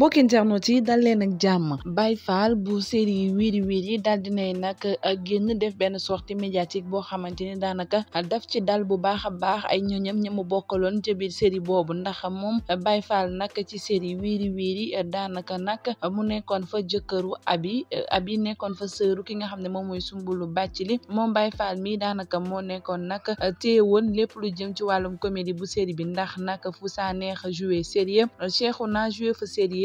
mbokki internautes yi dal leen ak jàmm Baye Fall bu série Wiri Wiri daal dinay nag euh, génn def benn sortie médiatique boo xamante ni daanaka daf ci dal bu baax a baax ay ñoñam ña mu bokkaloon ca biir série boobu ndax moom euh, bay Fall nag ci série Wiri Wiri euh, daanaka nag mu nekkoon fa jëkkëru abi abi nekkoon fa sëru ki nga xam ne moom mooy sumbulu bàcc li moom bay Fall mi daanaka moo nekkoon nag téewoon lépp lu jëm ci wàllum comédie bu série bi ndax nag fu saa neex joué sérieux Cheikhouna joué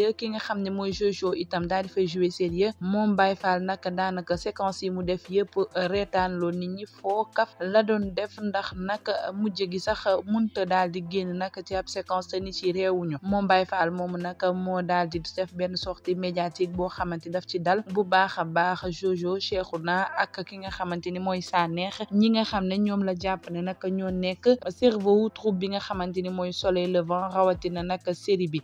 sérieux ki nga xam ne mooy Jojo itam daal di fay jouer sérieux moom Baye Fall nag daanaka séquence yi mu def yëpp reetaan loo nit ñi foo kaf la doon def ndax nag mu gi sax munta daal di génn nag ci ab séquence te nit ci réewuñu moom Baye Fall moomu nag moo daal di def benn sortie médiatique boo xamante daf ci dal bu baax a baax Jojo naa ak ki nga xamante ni mooy sànneex ñi nga xam ne ñoom la jàpp ne nag ñoo nekk cerveau wu bi nga xamante ni mooy Soleil rawatina nag série bi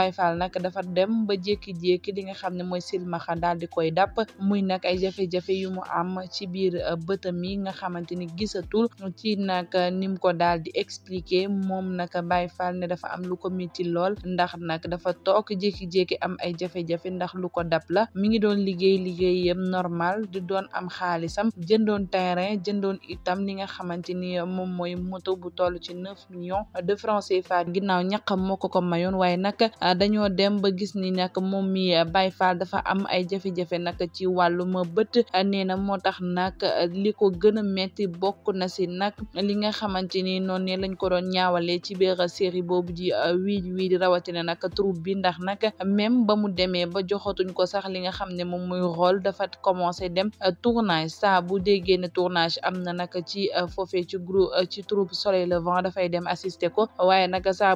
Baye Fall dafa dem ba jékki-jékki li nga xam ne mooy silmaxa daal di koy dàpp muy nag ay jafe-jafe yu mu am ci biir euh, bëtam yi nga xamante ni gisatul ci nag euh, ni mu ko daal di expliquer moom nag Baye Fall ne dafa am lu ko metti lool ndax nag dafa took jékki-jékki am ay jafe-jafe ndax lu ko dab la mi ngi doon liggéey liggéeyam normal di doon am xaalisam jëndoon terrain jëndoon itam ni nga xamante ni euh, moom mooy moto bu toll ci neuf millions de francs CFA ginnaaw ñaqam moo Ah, dañoo dem ba gis ni nag moom mi ah, Baye Fall dafa am ay jafe-jafe nag ci wàllum bët ah, nee na moo tax nag li ko gën a metti bokk na si nag li nga xamante ni noonu ne lañ ko doon ñaawalee ci biir série boobu ji wiiñ wiij rawatina nag troupe bi ndax nag même ba mu demee ba joxatuñ ko sax li nga xam ne moom muy rôle dafa commencé dem tournage saabu bu déggee ne tournage am na nag ci foofee ci groupe ci troupe Soleil Levant dafay dem assister ko waaye nag saa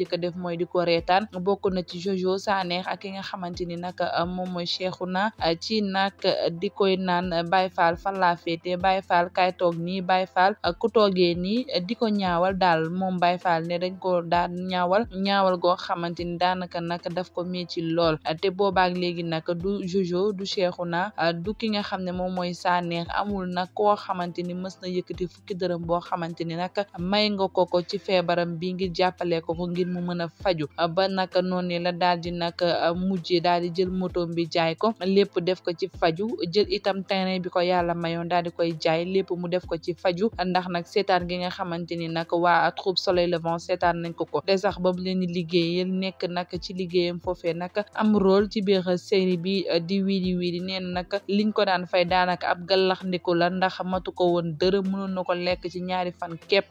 njëkk a def mooy di ko bokk na ci Jojo Saneex ak ki nga xamante ni nag uh, moom mooy na uh, ci nag uh, di koy naan Baye Fall fan laa féete Baye Fall kaay toog nii Baye Fall ku toogee nii di ko ñaawal daal moom bay Fall ne dañ ko daan ñaawal ñaawal goo xamante ni daanaka nag daf ko metti lool te boobaak léegi nag du Jojo du na du ki nga xam ne moom mooy Saneex amul nag koo xamante ni mës na yëkkati fukki dërëm boo xamante ni nag may nga ko ci feebaram bi ngir jàppale ko ko mu mën a faju ba nag noonu la daal di nag mujjee daal di jël motom bi jaay ko lépp def ko ci faju jël itam terrain bi ko yàlla mayoon daal di koy jaay lépp mu def ko ci faju ndax nag seetaan gi nga xamante ni nag waa troupe soleil levant seetaan nañ ko ko de sax ba mu leen di liggéeyal nekk nag ci liggéeyam foofee nag am rôle ci biir série bi di wiiri wiiri nee na nag liñ ko daan fay daanaka ab gallax ndiku la ndax matu ko woon dërëm mënoon na ko lekk ci ñaari fan képp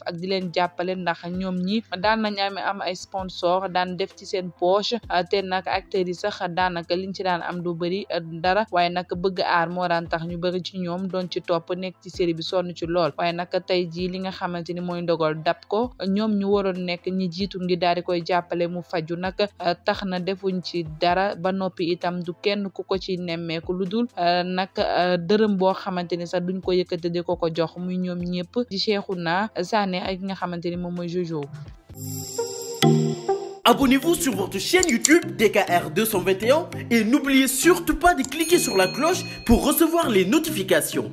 def ak leen jàppale ndax ñoom ñi daan nañ am am ay sponsor daan def ci seen poche te nag acteurs yi sax daanaka liñ ci daan am du bëri euh, dara waaye nag bëgg aar moo daan tax ñu bëri ci ñoom doon ci topp nekk ci série bi sonn ci lool waaye nag tey jii li nga xamante ni mooy ndogal dab ko ñoom ñu waroon nekk ñi jiitu ngi daal di koy jàppale mu faju nag euh, tax na defuñ ci dara ba noppi itam du kenn ku ko ci nemmeeku lu dul euh, nag dërëm boo xamante ni sax duñ ko yëkkati ko ko jox muy ñoom waxtaanee ak nga xamante ni moom mooy Jojo. Abonnez-vous sur votre chaîne YouTube DKR 221 et n'oubliez surtout pas de cliquer sur la cloche pour recevoir les notifications.